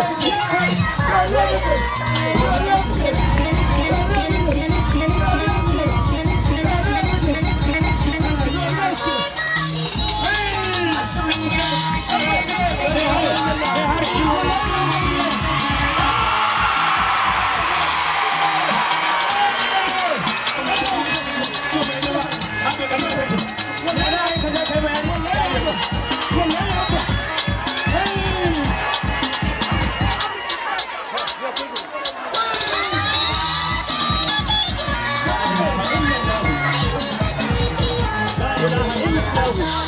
아, It's